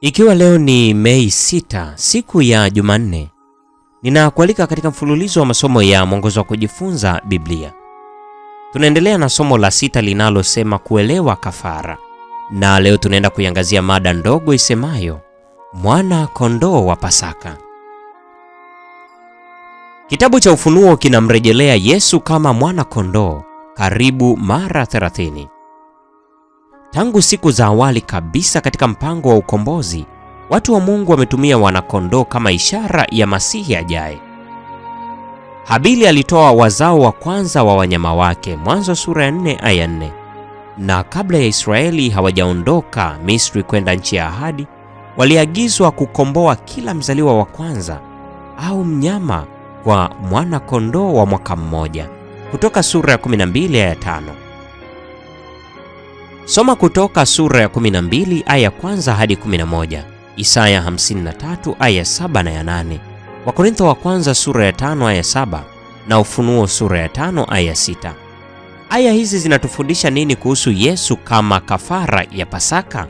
Ikiwa leo ni Mei 6 siku ya Jumanne, ninakualika katika mfululizo wa masomo ya mwongozo wa kujifunza Biblia. Tunaendelea na somo la sita linalosema kuelewa kafara, na leo tunaenda kuiangazia mada ndogo isemayo mwana kondoo wa Pasaka. Kitabu cha Ufunuo kinamrejelea Yesu kama mwana kondoo karibu mara 30. Tangu siku za awali kabisa katika mpango wa ukombozi, watu wa Mungu wametumia wanakondoo kama ishara ya Masihi ajaye. Habili alitoa wazao wa kwanza wa wanyama wake, Mwanzo sura ya 4 aya 4. Na kabla ya Israeli hawajaondoka Misri kwenda nchi ya ahadi, waliagizwa kukomboa kila mzaliwa wa kwanza au mnyama kwa mwana kondoo wa mwaka mmoja, kutoka sura ya 12 aya 5. Soma Kutoka sura ya 12 aya kwanza hadi 11, Isaya 53 aya 7 na ya 8, Wakorintho wa kwanza sura ya 5 aya 7 na Ufunuo sura ya 5 aya ya 6. Aya hizi zinatufundisha nini kuhusu Yesu kama kafara ya Pasaka?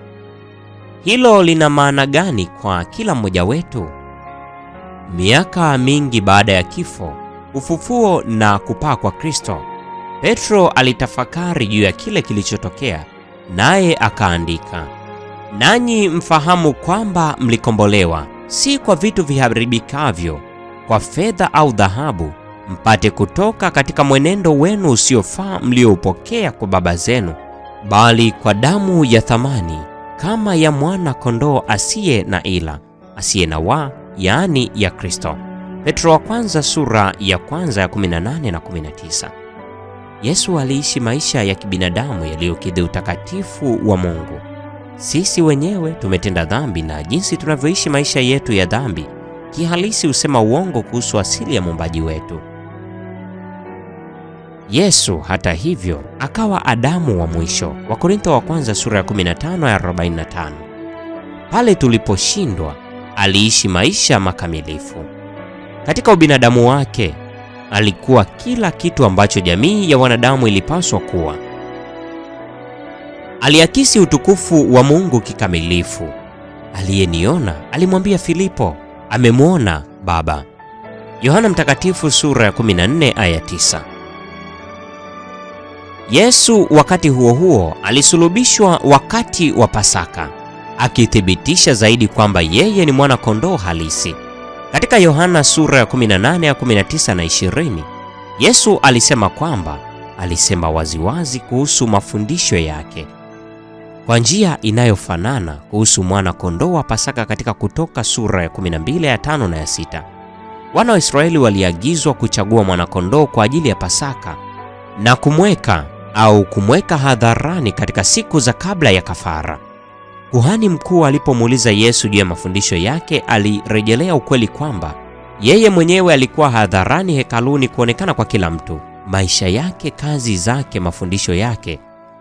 Hilo lina maana gani kwa kila mmoja wetu? Miaka mingi baada ya kifo, ufufuo na kupaa kwa Kristo, Petro alitafakari juu ya kile kilichotokea naye akaandika, nanyi mfahamu kwamba mlikombolewa si kwa vitu viharibikavyo, kwa fedha au dhahabu, mpate kutoka katika mwenendo wenu usiofaa mlioupokea kwa baba zenu, bali kwa damu ya thamani kama ya mwana kondoo asiye na ila asiye na wa, yaani ya Kristo. Petro wa kwanza sura ya kwanza ya 18 na 19. Yesu aliishi maisha ya kibinadamu yaliyokidhi utakatifu wa Mungu. Sisi wenyewe tumetenda dhambi na jinsi tunavyoishi maisha yetu ya dhambi kihalisi husema uongo kuhusu asili ya muumbaji wetu. Yesu hata hivyo akawa Adamu wa mwisho. Wakorintho wa kwanza sura ya 15 ya 45. Pale tuliposhindwa, aliishi maisha makamilifu katika ubinadamu wake alikuwa kila kitu ambacho jamii ya wanadamu ilipaswa kuwa. Aliakisi utukufu wa Mungu kikamilifu. Aliyeniona alimwambia Filipo, amemwona Baba. Yohana Mtakatifu sura ya 14 aya 9. Yesu wakati huo huo alisulubishwa wakati wa Pasaka, akithibitisha zaidi kwamba yeye ni mwana kondoo halisi. Katika Yohana sura ya 18 ya 19 na 20, Yesu alisema kwamba alisema waziwazi kuhusu mafundisho yake kwa njia inayofanana kuhusu mwana kondoo wa Pasaka katika Kutoka sura ya 12 ya 5 na ya 6. Wana wa Israeli waliagizwa kuchagua mwana-kondoo kwa ajili ya Pasaka na kumweka au kumweka hadharani katika siku za kabla ya kafara. Kuhani mkuu alipomuuliza Yesu juu ya mafundisho yake, alirejelea ukweli kwamba yeye mwenyewe alikuwa hadharani hekaluni kuonekana kwa kila mtu. Maisha yake, kazi zake, mafundisho yake,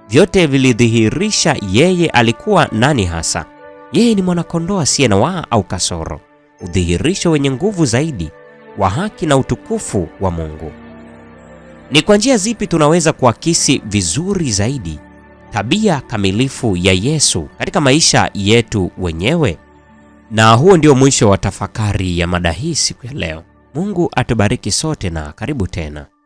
vyote vilidhihirisha yeye alikuwa nani hasa. Yeye ni mwanakondoo asiye na waa au kasoro, udhihirisho wenye nguvu zaidi wa haki na utukufu wa Mungu. Ni kwa njia zipi tunaweza kuakisi vizuri zaidi tabia kamilifu ya Yesu katika maisha yetu wenyewe. Na huo ndio mwisho wa tafakari ya mada hii siku ya leo. Mungu atubariki sote na karibu tena.